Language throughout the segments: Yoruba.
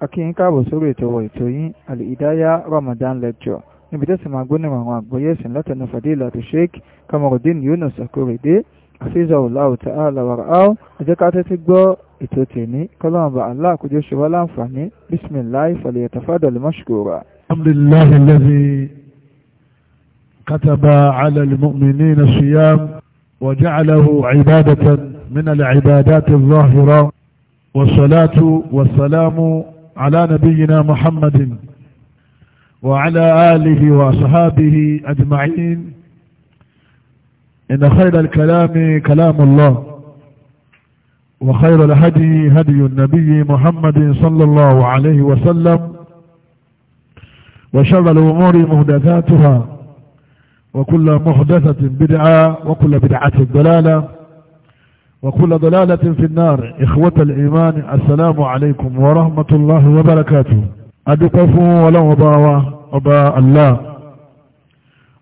akíyín káàbọ̀ sórí ètò ọ̀wọ̀ ètò yín àlìdáyà Ramadan lecture níbi tẹ́sí máa gbóná àwọn àgbọ́yé ẹ̀sìn látẹnu fadilatu Sheikh Kamarudin Yunus Akorede afizahullahu ta'ala wara'ahu ẹ jẹ́ ká tẹ́tí gbọ́ ètò tèmi kọ́lọ́mọba Allah kó jẹ́ ṣe wá láǹfààní bisimilahi falyatafaddal mashkura. alhamdulillahi alladhi kataba ala al-mu'minina siyam wa ja'alahu ibadatan min al-ibadati adh-dhahira والسلام على نبينا محمد وعلى آله وصحابه أجمعين إن خير الكلام كلام الله وخير الهدي هدي النبي محمد صلى الله عليه وسلم وشر الأمور مهدثاتها وكل مهدثة بدعة وكل بدعة ضلالة وكل ضلالة في النار إخوة الإيمان السلام عليكم ورحمة الله وبركاته أدقفوا ولو باوا أبا الله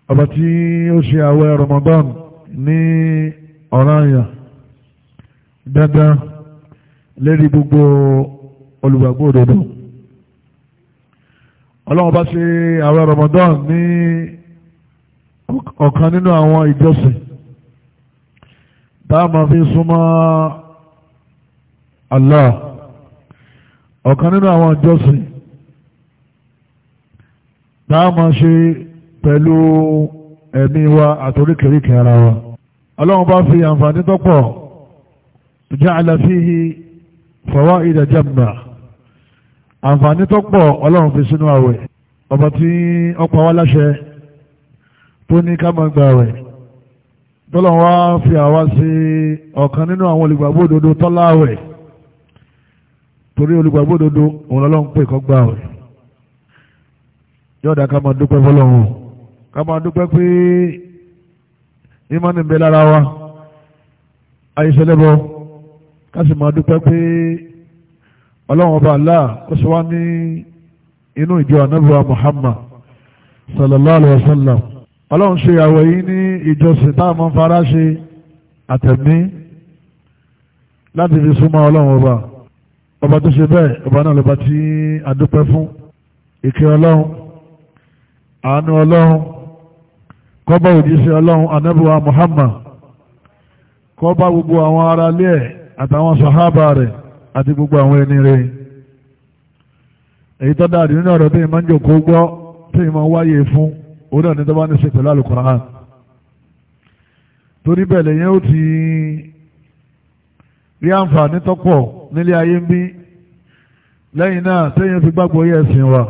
أبتي يوشي رمضان ني أرايا دادا lérí gbogbo olùgbàgbọ́ òdodo ọlọ́run bá ṣe àwọn Ramadan ní ọ̀kan nínú táàmà fi súnmọ́ Allah ọ̀kan nínú àwọn ìjọsìn táàmà ṣe pẹ̀lú ẹ̀mí wa àtoríkèríkè ara wa ọlọ́run bá fi àǹfààní tọ́pọ̀ ja'ala fihi fawaida jamma àǹfààní tọ́pọ̀ ọlọ́run fi sínú àwẹ̀ ọba tí ọ̀pọ̀ wa láṣẹ tó ní ká máa gba àwẹ̀ tọ́lọ̀ wá fi àwa sí ọ̀kan nínú àwọn olùgbàgbọ́ òdodo tọ́láwẹ̀ torí olùgbàgbọ́ òdodo òun lọ́lọ́run pè kọ́ gbà wẹ̀ yọ̀ọ̀dà ká máa dúpẹ́ fọlọ́run ká máa dúpẹ́ pé ìmánì ń bẹ lára wa àyíṣẹ́lẹ́bọ ká sì máa dúpẹ́ pé ọlọ́run ọba Allah ó sọ wá ní inú ìjọ ànábì Muhammad sallallahu alayhi wa sallam ọlọ́run ṣe àwẹ̀ yìí ní ìjọsìn táàmù fara ṣe àtẹ̀mí láti fi súnmọ́ ọlọ́run ọba ọba tó ṣe bẹ́ẹ̀ ọba náà lọ́ba tí a fún ìkẹ́ ọlọ́run àánú ọlọ́run kọ́bá òjíṣẹ́ ọlọ́run anábíwá Muhammad kọ́bá gbogbo àwọn ará ilé ẹ̀ àtàwọn sàhábà rẹ̀ àti gbogbo àwọn ẹni rẹ̀ èyí tó dáadé nínú ọ̀rọ̀ tí ìmọ̀ ń jòkó gbọ́ tí ìmọ̀ wáyé fún òun náà ní tó bá ní ṣe pẹ̀lú alukoran torí bẹ́ẹ̀ lẹ́yìn ó ti rí àǹfààní tọ́pọ̀ nílé ayé ń bí lẹ́yìn náà tẹ́yìn fi gbàgbọ́ yẹ ẹ̀sìn wa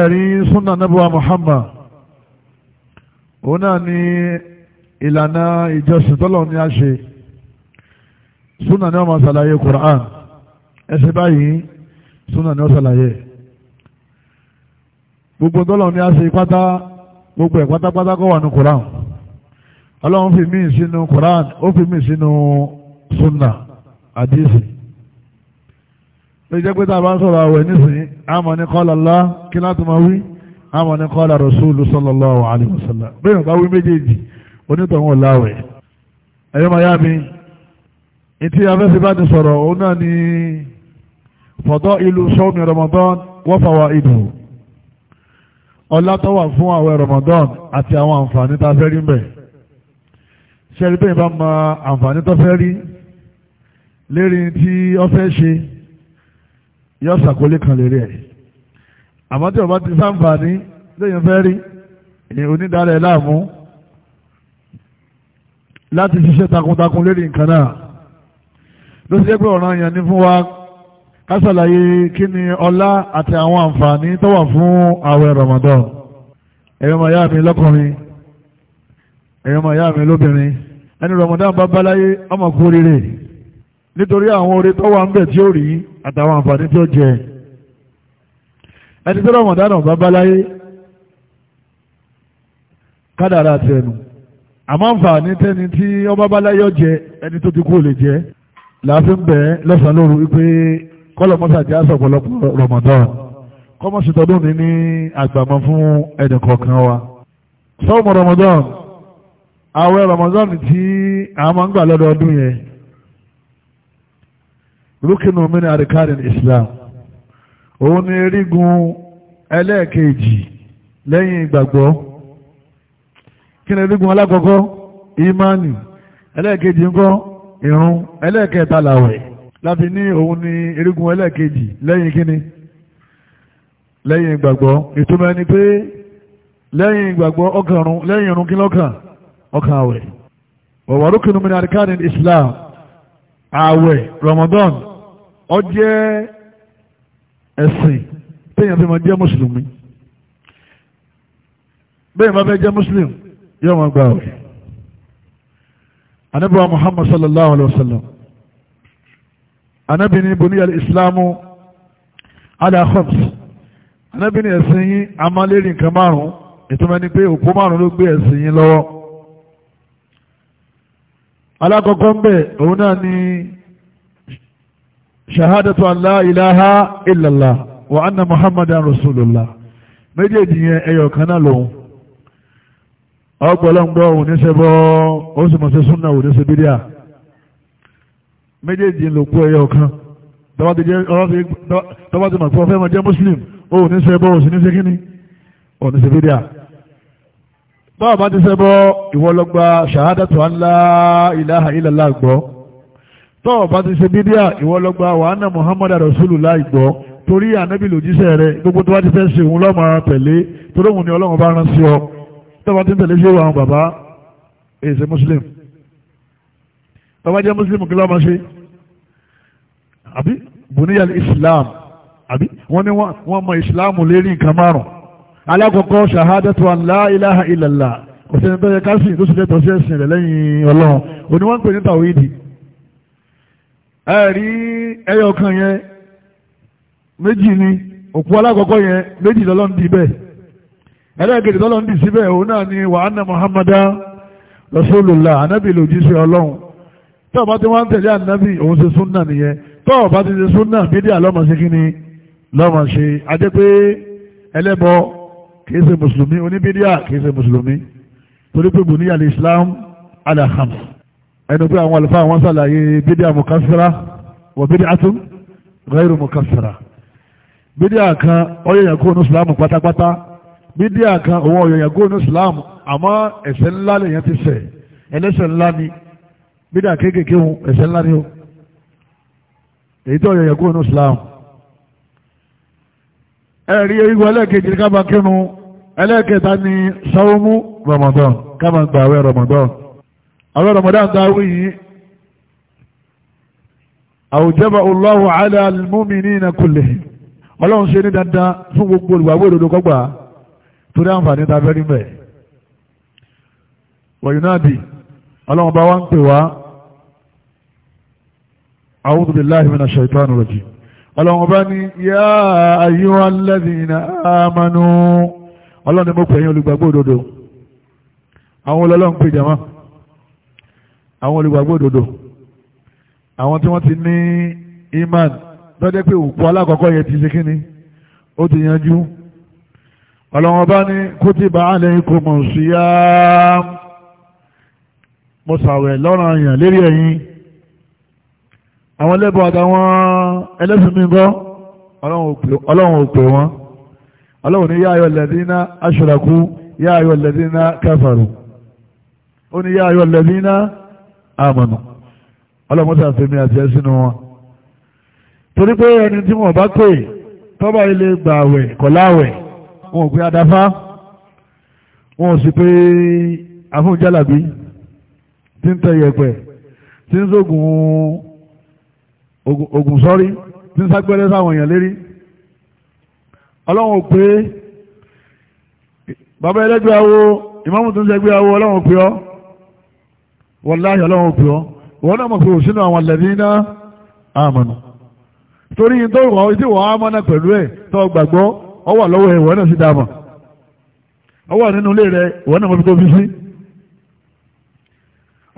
ẹ̀rí súnà nàbọ̀wá Muhammad òun náà ní ìlànà ìjọsìn tọ́lọ̀ ní a súnà ní ọmọ ṣàlàyé Qur'an ẹ̀sìn báyìí súnà ní ọ ṣàlàyé gbogbo tọ́lọ̀ ní a ṣe pátá gbogbo ẹ̀ pátápátá kọ́ wà ní koran ọlọ́run fi mí sínú koran ó fi mí sínú sunna àdìsí ló jẹ́ pé tá a bá ń sọ̀rọ̀ àwẹ̀ nísìnyí àmọ́ ní qala Allah kí láti máa wí àmọ́ ní qala Rasulu sallallahu alaihi wasallam bẹ́ẹ̀ bá wí méjèèjì onítọ̀hún láwẹ̀ ẹ̀yọ́ máa yá mi ìtí afẹ́sẹ̀ bá ti sọ̀rọ̀ òun náà ni fadailu sawmi Ramadan wa fawaiduhu ọlá tó wà fún àwẹ̀ Ramadan àti àwọn àǹfààní tá a fẹ́ rí mbẹ̀ ṣẹ́rí bẹ́ẹ̀ bá ma àǹfààní tó fẹ́ rí lérí tí ó fẹ́ ṣe yọ sàkólé kan lérí ẹ̀ àmọ́ tí ọba ti sáǹfààní lẹ́yìn fẹ́ rí èyàn onídàárẹ̀ láàmú láti ṣiṣẹ́ takuntakun lérí nǹkan náà ló ṣe pé ọ̀ràn yẹn ní fún wa kásàlàyé kí ni ọlá àti àwọn àǹfààní tó wà fún àwẹ̀ Ramadan ẹ̀yọ́ ma yá mi lọ́kùnrin ẹ̀yọ́ ma yá mi lóbìnrin ẹni Ramadan bá báláyé ọmọ kú rírè nítorí àwọn oore tó wà ń bẹ̀ tí ó rí àtàwọn àǹfààní tí ó jẹ ẹni tó Ramadan bá báláyé kádàrà àti ẹnu àmọ́ àǹfààní tẹ́ni tí ọba báláyé ó jẹ ẹni tó ti kú ò lè jẹ làá fi ń bẹ̀ lọ́sàn-án lóru wípé kọ́lọ̀ mọ́sá ti Ramadan kọ́mọ̀sí tọdún ní ní àgbàmọ́ fún ẹnì kọ̀ọ̀kan wa sọ́ọ̀mù Ramadan àwẹ̀ Ramadan tí a máa ń gbà lọ́dọọdún yẹn rúkìnù min àríkàrin Islam òun ni erígun ẹlẹ́ẹ̀kejì lẹ́yìn ìgbàgbọ́ kí ni alákọ̀ọ́kọ́ ìmánì ẹlẹ́ẹ̀kejì ńkọ́ láfi ní òun ni erigun ẹlẹ́ẹ̀kejì lẹ́yìn kíni lẹ́yìn ìgbàgbọ́ ìtumọ̀ ẹni pé lẹ́yìn ìgbàgbọ́ ọkànrún lẹ́yìn irun kí lọ́kàn ọkàn àwẹ̀ ọ̀wà rúkìnnú mi ní àríkàní Islam àwẹ̀ Ramadan ó jẹ́ ẹ̀sìn téèyàn fi máa jẹ́ mùsùlùmí bẹ́ẹ̀ máa fẹ́ jẹ́ mùsùlùm yóò máa gba àwẹ̀ anábọ̀ Muhammad sallallahu alayhi wa sallam anábìnrin buniyal islamu ala khams anábìnrin ẹ̀sìn yín a máa lérí nǹkan márùn-ún ìtumọ̀ ni pé òpó márùn-ún ló gbé ẹ̀sìn yín lọ́wọ́ alákọ̀ọ́kọ́ ń bẹ̀ òun náà ni ṣahadatu an la ilaha illallah wa anna muhammadan rasulullah méjèèjì yẹn ẹyọ kan lòun ọgbọ̀lọ́ngbọ̀ òun ní ṣẹbọ́ ó sì mọ̀ sí súnà òun ní ṣe méjèèjì ló kú ẹyọ kan tọ́wọ́ ti mọ̀ pé ọfẹ́ mọ̀ jẹ́ muslim ó ní ṣe bọ́ òsì ní ṣe kíní ó ní ṣe fídíà báwo bá ti ṣe bọ́ ìwọ ló gba ṣàhádàtù ńlá ilaha illallah gbọ́ tọ́wọ́ bá ti ṣe fídíà ìwọ ló gba wàhánà muhammad rasulullah gbọ́ torí ànábì lòjíṣẹ́ rẹ gbogbo tó bá ti fẹ́ ṣe òun lọ́mọ tẹ̀lé torí òun ni ọlọ́run bá rán sí ọ tọ́wọ́ ti ń tẹ̀lé sí àwọn bàbá èsè muslim tọ́wọ́ jẹ́ muslim kí lọ́mọ ṣe àbí buniyal islam àbí wọ́n ní wọ́n mọ islam lérí nǹkan márùn-ún alákọ̀ọ́kọ́ ṣàhádẹ́tù an la ilaha illallah kò sẹ́ni tó yẹ ká sìn tó sì lẹ́tọ̀ọ́ sí ẹ̀sìn rẹ̀ lẹ́yìn ọlọ́run òní wọ́n ń pè ní tàwídì ẹ̀rí ẹyọ kan yẹn méjì ni òpó alákọ̀ọ́kọ́ yẹn méjì lọ́lọ́run dì bẹ́ẹ̀ ẹlẹ́gẹ̀dẹ̀ lọ́lọ́run dì síbẹ̀ òun náà ni wa anna muhammadan rasulullah anábì lòjíṣẹ́ ọlọ́run tí ọba tí wọ́n ń tẹ̀lé anábì òun ṣe súnnà nìyẹn tọ́ọ̀ bá ti ṣe súnà bídíà lọ́mọ sí kí ni lọ́mọ ṣe ajẹ́ pé ẹlẹ́bọ kìí ṣe mùsùlùmí oníbídíà kìí ṣe mùsùlùmí torí pé bùníyà lè islam ala khams ẹnu pé àwọn àlùfáà wọn sàlàyé bídíà mukassira wọ bídíà tún ghayru mukassira bídíà kan ọyọ̀yàn kó ní islam pátápátá bídíà kan òun ọ̀yọ̀yàn kó ní islam àmọ́ ẹ̀ṣẹ̀ ńlá lèyàn ti ṣẹ̀ ẹlẹ́ṣẹ̀ ńlá ni bídíà kéékèèké ẹ̀ṣẹ̀ ńlá ni o èyí tó yẹ̀yẹ̀ kúrò ní islam ẹ̀rí erígbó ẹlẹ́ẹ̀kejì ní kábà kírun ẹlẹ́ẹ̀kẹta ní sáwọ́mú ramadan kábà ń gba àwẹ̀ ramadan àwẹ̀ ramadan ta wí yìí àwùjẹ́bà Allahu ala al-mu'minina kullihim ọlọ́run ṣe ní dandan fún gbogbo olùgbàgbọ́ òdodo kọ́gbà tó àǹfààní ta fẹ́ níbẹ̀ wọ̀nyí náà bì ọlọ́run bá wá ń pè wá أعوذ بالله من الشيطان الرجيم ọlọ́run bá ní yá ayíwá lẹ́dìnà àmànú ọlọ́run mọ́ pẹ̀yìn olùgbàgbọ́ òdodo àwọn olọ́lọ́run pè jama àwọn olùgbàgbọ́ òdodo àwọn tí wọ́n ti ní iman lọ́jẹ́ pé òkú alákọ̀ọ́kọ́ yẹn ti ṣe kíni ó ti yanjú ọlọ́run bá ní kutiba alaykumus siyam mo sàwẹ̀ lọ́rọ̀ àyàn lérí ẹ̀yìn àwọn lẹ́bọ̀ àtàwọn ẹlẹ́sìn mi bọ́ ọlọ́run ò pè wọ́n ọlọ́run ní yáyọ̀ lẹ́dínà aṣọ́rakú yáyọ̀ lẹ́dínà kẹfàrù ó ní yáyọ̀ lẹ́dínà àmọ̀nà ọlọ́run sàfihàn àti ẹ̀sìn wọn torí pé ẹni tí wọ́n bá pè tọ́ba ilé ń tẹ yẹ̀pẹ̀ tí ń sógun ogun sọ́rí tí ń sápẹ́rẹ́ sáwọn èèyàn lérí ọlọ́run pé bàbá ẹlẹ́gbẹ́ awo ìmáàmù tó ń ṣẹgbẹ́ awo ọlọ́run pé ọ́ wàláhì ọlọ́run pé ọ́ wọ́n náà mọ̀ pé òṣìnà àwọn alladhina amanu torí tó wọ́n tí wọ́n á mọ́nà pẹ̀lú ẹ̀ tó gbàgbọ́ ọ wà lọ́wọ́ ẹ̀ wọ́n náà sì dáàmà ọ wà nínú ilé rẹ̀ wọ́n náà mọ̀ fi tó fi sí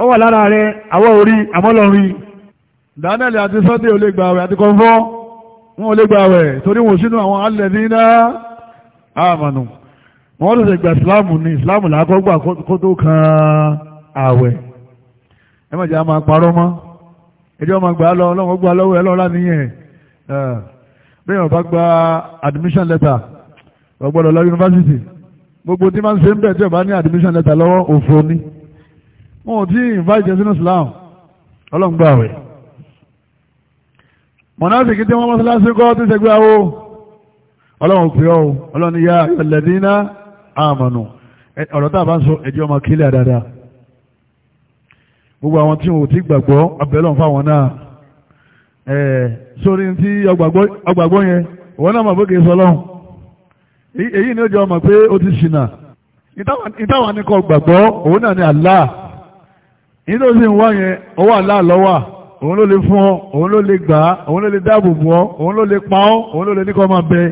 ọ wà lára rẹ̀ àwọ̀ orí àmọ́lọ́rin Daniel àti Sunday ò lè gbà wẹ̀ àti kọ́ńfọ́ wọn ò lè gbà wẹ̀ torí wọn sínú àwọn alẹ́ ní iná àmànù wọn lè gba ìsìláàmù ní ìsìláàmù làákọ́gbà kó tó kan àwẹ̀ ẹ má jẹ́ a máa parọ́ mọ́ ẹjọ́ máa gbà lọ ọlọ́run gbà lọ́wọ́ ẹ lọ́la nìyẹn eh, bẹ́ẹ̀ ọba gba admission letter ọgbọ́dọ̀ lọ yunifásitì gbogbo tí máa ń ṣe ń bẹ̀ tí ọba ní admission letter lọ́wọ́ òfò ni wọn ò tí ì invite jẹ sínú ìsìláàmù ọlọ́run gbà wẹ̀ mọ̀násìkí tí wọ́n mọ́sálásí kọ́ tí sẹ́gbẹ́ àwọ́ ọlọ́run pè ọ́ ọlọ́run ni ya alladina amanu ọ̀rọ̀ tá a bá ń sọ ẹjọ́ ọmọ kílẹ̀ dáadáa gbogbo àwọn tí wọn ò ti gbàgbọ́ abẹ́lọ́n fáwọn náà ẹ̀ sórí tí ọgbàgbọ́ yẹn ìwọ náà mọ̀ pé kìí sọlọ́run èyí ni ó jẹ́ ọmọ pé ó ti ṣìnà ìtawà ni kò gbàgbọ́ òun náà ni Allah ìdó sì ń wá yẹn òun ló lè fún ọ òun ló lè gbà á òun ló lè dáàbò bò ọ òun ló lè pa ọ òun ló lè ní kọ́ máa bẹ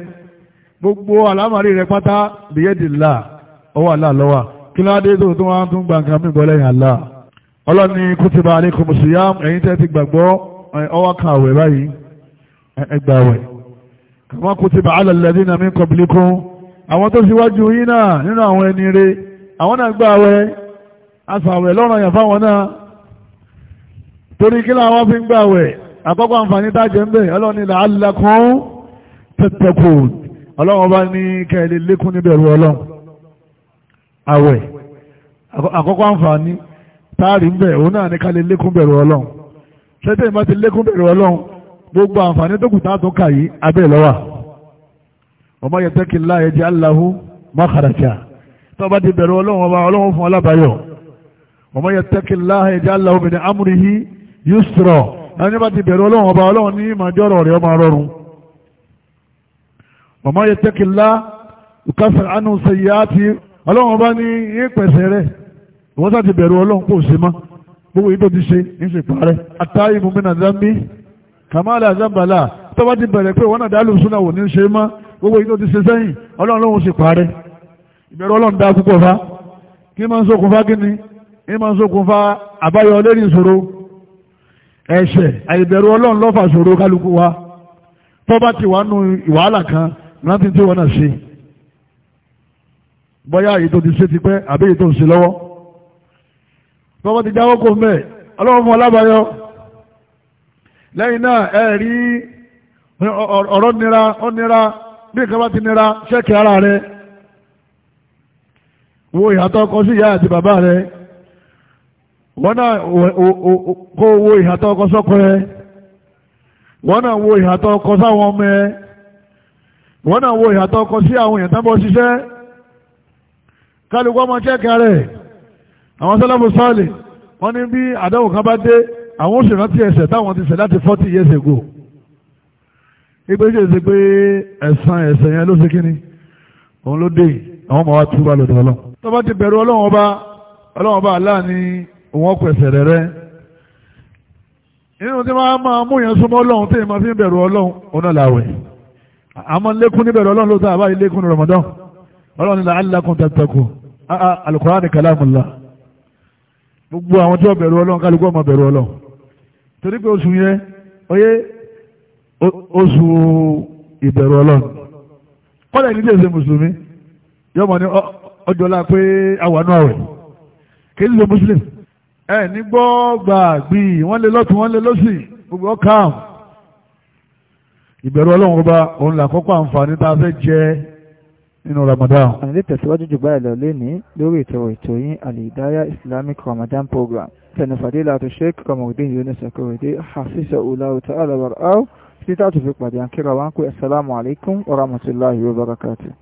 gbogbo àlámàrí rẹ pátá bìyẹ́dì là ọwọ́ àlá lọ́wà kí ló dé tó tó wá tún gba nǹkan mi gbọ́ lẹ́yìn àlá ọlọ́ni kùtìbà alaykum siyam ẹ̀yin tẹ́ ti gbàgbọ́ ọwọ́ kan àwẹ̀ báyìí ẹgbàwẹ̀ kama kutiba ala alladhina min qablikum àwọn tó síwájú yín náà nínú àwọn ẹni rẹ̀ àwọn náà gbàwẹ̀ asàwẹ̀ torí kí láwọn fi ń gbàwẹ̀ àkọ́kọ́ àǹfààní tájẹ ń bẹ̀ ọlọ́ni làálàkún tẹ́tẹ̀kù ọlọ́run bá ní kẹ́lẹ̀ lékún níbẹ̀rù ọlọ́run àwẹ̀ àkọ́kọ́ àǹfààní táàrí ń bẹ̀ òun náà ní kálẹ̀ lékún bẹ̀rù ọlọ́run ṣẹ́tẹ̀ ìmọ̀ ti lékún bẹ̀rù ọlọ́run gbogbo àǹfààní tó kù táàtún kà abẹ́ lọ́wà ọmọ yẹn tẹ́kì láyé jẹ́ yusra ẹni bá ti bẹ̀rù ọlọ́run ọba ọlọ́run ní ìmọ̀jọ́rọ̀ rẹ̀ ọmọ rọrùn ọmọ yẹ tẹ́kìlá ìkásẹ̀ àánú sẹ̀yà àti ọlọ́run ọba ní ìpẹ̀sẹ̀ rẹ̀ ìwọ́n sá ti bẹ̀rù ọlọ́run kò sí mọ́ gbogbo yìí tó ti ṣe ń ṣe parẹ́ àtàyè zambi zambala tó bá ti bẹ̀rẹ̀ pé wọ́n náà dálù súnà wò ní ṣe mọ́ gbogbo yìí tó ti ṣe sẹ́yìn ọlọ́run ẹ̀ṣẹ̀ àìbẹ̀rù ọlọ́run lọ́fà fa ṣòro kálukú wa tó bá ti wà nù ìwàhálà kan láti tí wọ́n náà ṣe bọ́yá èyí tó ti ṣe ti pẹ́ àbí èyí tó ń ṣe lọ́wọ́ tó bá ti jáwọ́ kó mẹ́ ọlọ́run fún alábàáyọ lẹ́yìn náà ẹ rí ọ̀rọ̀ nira ó nira bí nǹkan bá ti nira ṣẹ́kì ara rẹ wo ìyàtọ̀ kọ sí ìyá àti bàbá rẹ wọ́n náà kó owó ìhàtọ́ ọkọ sọ́kọ ẹ wọ́n náà wo ìhàtọ́ ọkọ sáwọn ọmọ ẹ wọ́n náà wo ìhàtọ́ ọkọ sí àwọn èèyàn tábọ̀ ṣiṣẹ́ kálukú ọmọ chẹ́ẹ̀kì rẹ̀ àwọn sẹ́lẹ̀mù sọ́ọ̀lì wọ́n ní bí àdáwò kan bá dé àwọn oṣù rántí ẹsẹ̀ táwọn ti ṣẹ̀ láti forty years ago ìgbé ṣe ṣe pé ẹ̀sán ẹ̀sẹ̀ yẹn ló ṣe kí ni òun ló dé àwọn ọmọ wa túbọ̀ lọ́dọ̀ ọlọ́run tó bá ti bẹ̀rù ọlọ́run ọba ọlọ́run ọba aláàánú wọ́n pẹ̀sẹ̀ rẹ̀ rẹ́ inú tí wọ́n máa mú yẹn súnmọ́ ọlọ́run tí ìmọ̀ fi ń bẹ̀rù ọlọ́run ọ̀nà làwẹ̀ àmọ́ lékún níbẹ̀rù ọlọ́run ló sábà lékún ní Ramadan ọlọ́run nílà alákùn tàtàkù alukọ́rá ní kàlámùlá gbogbo àwọn tí wọ́n bẹ̀rù ọlọ́run kálukú ọmọ bẹ̀rù ọlọ́run torí pé oṣù yẹn oyé oṣù ìbẹ̀rù ọlọ́run kọ́lá ìdílé ṣe mùsùlùmí yọmọ ní ọjọ́lá pé àwọn àwẹ̀ kì í ṣe mùsùlùmí ẹ ní gbọ́ gbàgbì wọ́n lé lọ́tún wọ́n lé lọ́sì gbogbo ọkàm ìbẹ̀rù ọlọ́run ọba òun làkọ́kọ́ àǹfààní tá a fẹ́ jẹ nínú Ramadan. àyìnlẹ́ tẹ̀síwájú jù báyìí lọ lẹ́ni lórí ìtọ̀rọ̀ ètò yín àlìdáyà Islamic Ramadan Program tẹnifàdé láti Sheikh Kamaldeen Yunus Akorede hasisa ulawu ta'ala warau títí tá a tún fi pàdé àkírà wa ń pè assalamu alaikum wa rahmatullahi wa barakatuh.